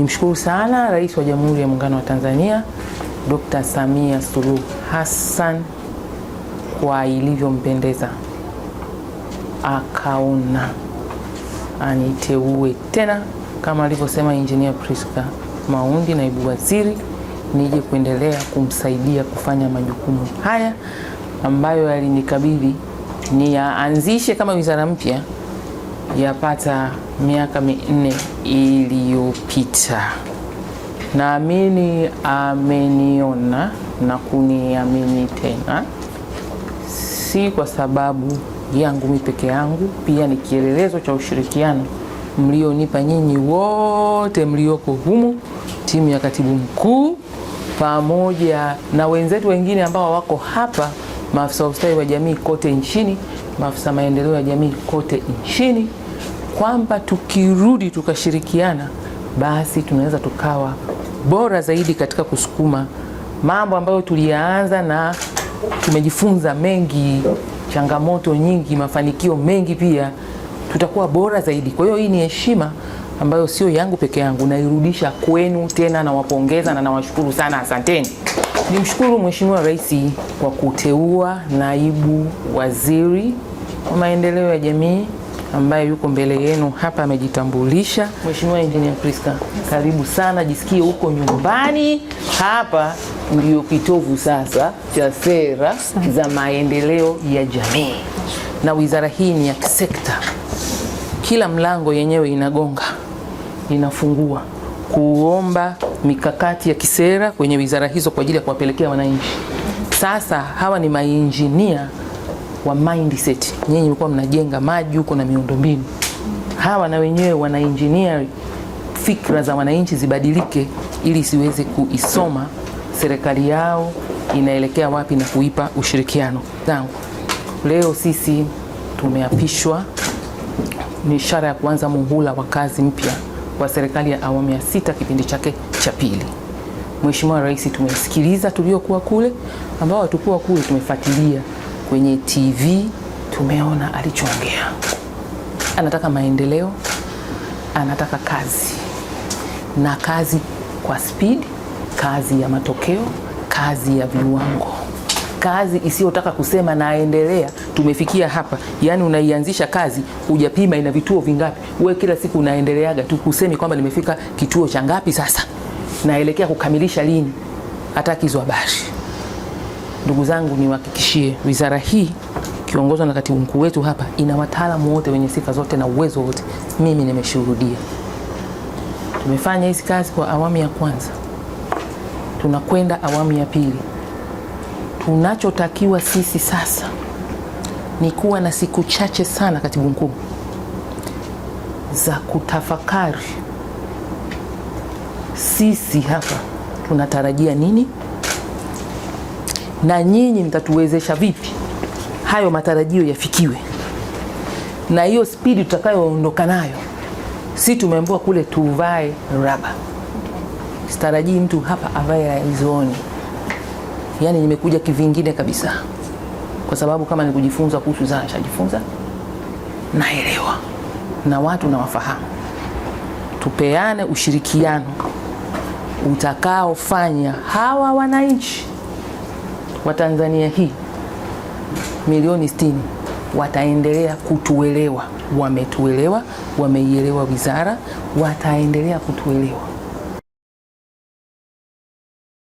Nimshukuru sana Rais wa Jamhuri ya Muungano wa Tanzania dkt Samia Suluhu Hassan kwa ilivyompendeza akaona aniteue tena kama alivyosema Injinia Priska Maundi, naibu waziri, nije kuendelea kumsaidia kufanya majukumu haya ambayo yalinikabidhi niyaanzishe kama wizara mpya yapata miaka minne iliyopita. Naamini ameniona na kuniamini tena, si kwa sababu yangu mi peke yangu, pia ni kielelezo cha ushirikiano mlionipa nyinyi wote mlioko humu, timu ya katibu mkuu pamoja na wenzetu wengine ambao wako hapa maafisa wa ustawi wa jamii kote nchini, maafisa maendeleo ya jamii kote nchini, kwamba tukirudi tukashirikiana, basi tunaweza tukawa bora zaidi katika kusukuma mambo ambayo tuliyaanza na tumejifunza mengi, changamoto nyingi, mafanikio mengi pia, tutakuwa bora zaidi. Kwa hiyo hii ni heshima ambayo sio yangu peke yangu, nairudisha kwenu tena. Nawapongeza na nawashukuru sana, asanteni. Nimshukuru Mheshimiwa Rais kwa kuteua naibu waziri wa maendeleo ya jamii ambaye yuko mbele yenu hapa amejitambulisha. Mheshimiwa Engineer Priska, karibu sana, jisikie huko nyumbani. Hapa ndiyo kitovu sasa cha sera za maendeleo ya jamii, na wizara hii ni ya kisekta, kila mlango yenyewe inagonga inafungua kuomba mikakati ya kisera kwenye wizara hizo kwa ajili ya kuwapelekea wananchi. Sasa hawa ni mainjinia wa mindset. Nyinyi mlikuwa mnajenga maji huko na miundombinu, hawa na wenyewe wana engineer fikra za wananchi zibadilike, ili siweze kuisoma serikali yao inaelekea wapi na kuipa ushirikiano. Zangu leo sisi tumeapishwa, ni ishara ya kuanza muhula wa kazi mpya wa serikali ya awamu ya sita kipindi chake cha pili. Mheshimiwa Rais tumesikiliza tuliokuwa kule, ambao hatukuwa kule tumefuatilia kwenye TV, tumeona alichoongea. Anataka maendeleo, anataka kazi na kazi kwa spidi, kazi ya matokeo, kazi ya viwango kazi isiyotaka kusema naendelea, tumefikia hapa. Yani unaianzisha kazi hujapima ina vituo vingapi. Wewe kila siku unaendeleaga tu, kusemi kwamba nimefika kituo cha ngapi sasa, naelekea kukamilisha lini? Hataki hizo habari. Ndugu zangu, niwahakikishie wizara hii kiongozwa na katibu mkuu wetu hapa, ina wataalamu wote wenye sifa zote na uwezo wote. Mimi nimeshuhudia, tumefanya hizi kazi kwa awamu ya kwanza, tunakwenda awamu ya pili tunachotakiwa sisi sasa ni kuwa na siku chache sana, katibu mkuu, za kutafakari sisi hapa tunatarajia nini na nyinyi mtatuwezesha vipi hayo matarajio yafikiwe, na hiyo spidi tutakayoondoka nayo. Si tumeambiwa kule tuvae raba, sitarajii mtu hapa avae raizoni yani nimekuja kivingine kabisa, kwa sababu kama ni kujifunza kuhusu zana, shajifunza naelewa, na watu nawafahamu. Tupeane ushirikiano utakaofanya hawa wananchi wa Tanzania hii milioni sitini wataendelea kutuelewa. Wametuelewa, wameielewa wizara, wataendelea kutuelewa.